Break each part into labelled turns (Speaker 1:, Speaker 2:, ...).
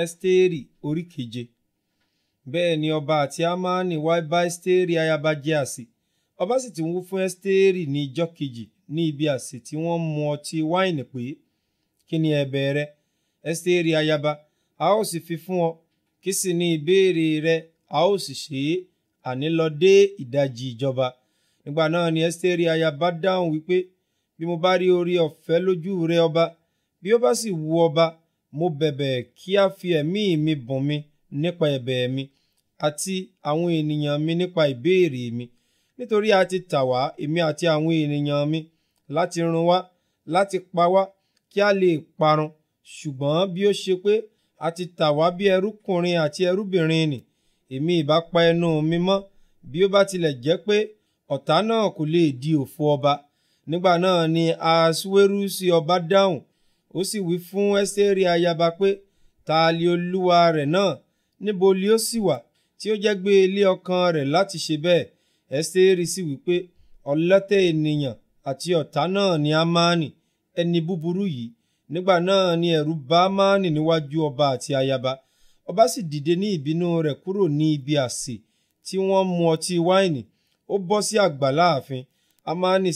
Speaker 1: ẹ́sítérì orí keje bẹ́ẹ̀ ni ọba àti ámánì wá bá ẹ́sítérì ayaba jẹ àsè ọba sì ti wú fún ẹ́sítérì ní ijọ́ kejì ní ibi àsè tí wọ́n mu ọtí wáìnì pé kí ni ẹ̀bẹ̀ rẹ ẹ́sítérì ayaba a ó sì fi fún ọ kí sì ni ìbéèrè rẹ a ó sì ṣe é àní lọ dé ìdajì ìjọba nígbà náà ni ẹ́sítérì ayaba dáhùn wípé bí mo bá rí oore ọ̀fẹ́ lójú rẹ ọba bí ó bá sì wù ọba mo bẹ̀bẹ̀ kí a fi ẹ̀mí mi bùn mi nípa ẹ̀bẹ̀ mi àti àwọn ènìyàn mi nípa ìbéèrè mi nítorí a ti tà wá èmi àti àwọn ènìyàn mi láti run wá láti pa wá kí a lè parun ṣùgbọ́n bí ó ṣe pé a ti tà wá bí ẹrúkùnrin àti ẹrúbìnrin nì èmi ìbá pa ẹnu mi mọ́ bí ó bá tilẹ̀ jẹ́ pé ọ̀tá náà kò lè di òfò ọba nígbà náà ni Ahasuwerusi ọba dáhùn ó sì wí fún ẹ́sítérì ayaba pé ta li olúwa rẹ̀ náà níbo li ó sì wà tí ó jẹ́ gbé ilé ọkàn rẹ̀ láti ṣe bẹ́ẹ̀ ẹ́sítérì sì wí pé ọlọ́tẹ̀ ènìyàn àti ọ̀tá náà ni Hámánì ẹni búburú yìí nígbà náà ni ẹ̀rù bá Hámánì níwájú ọba àti ayaba ọba sì dìde ní ìbínú rẹ̀ kúrò ní ibi àsè tí wọ́n mu ọtí wáìnì ó bọ́ sí àgbàlá ààfin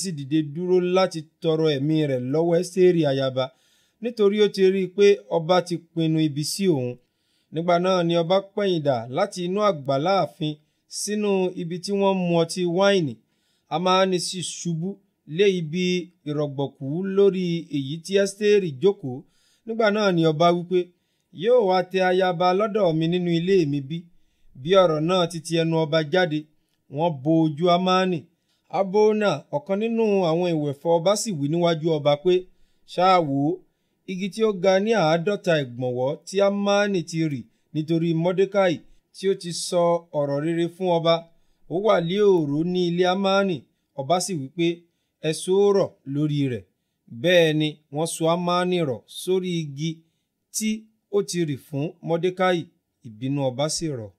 Speaker 1: sì dìde dúró láti tọrọ ẹ̀mí rẹ̀ lọ́wọ́ ẹ́sítérì ayaba nítorí ó ti rí i pé ọba ti pinnu ibi sí òun nígbà náà ni ọba pẹ̀yìndà láti inú àgbàlá ààfin sínú ibi tí wọ́n mu ọtí wáìnì a máa ní sí ṣubú lé ibi ìrọ̀gbọ̀kú lórí èyí tí ẹ́sítérì jókòó nígbà náà ni ọba wípé yóò wá tẹ ayaba lọ́dọ̀ mi nínú ilé mi bí bí ọ̀rọ̀ náà ti ti ẹnu ọba jáde wọ́n bo ojú amáàní abona ọ̀kan nínú àwọn ìwẹ̀fọ́ ọba sì wí níwájú ọba pé ṣáà wò ó igi tí ó ga ní àádọ́ta ìgbọ̀nwọ́ tí Hámánì ti rì nítorí Mọ́dékáì tí ó ti sọ ọ̀rọ̀ rere fún ọba ó wà lé òró ní ilé Hámánì ọba sì wípé ẹ ó rọ̀ lórí rẹ̀ bẹ́ẹ̀ ni wọ́n so Hámánì rọ̀ sórí igi tí ó ti rì fún Mọ́dékáì ìbínú ọba sì rọ̀